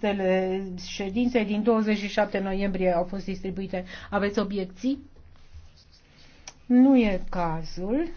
textele ședinței din 27 noiembrie au fost distribuite. Aveți obiecții? Nu e cazul.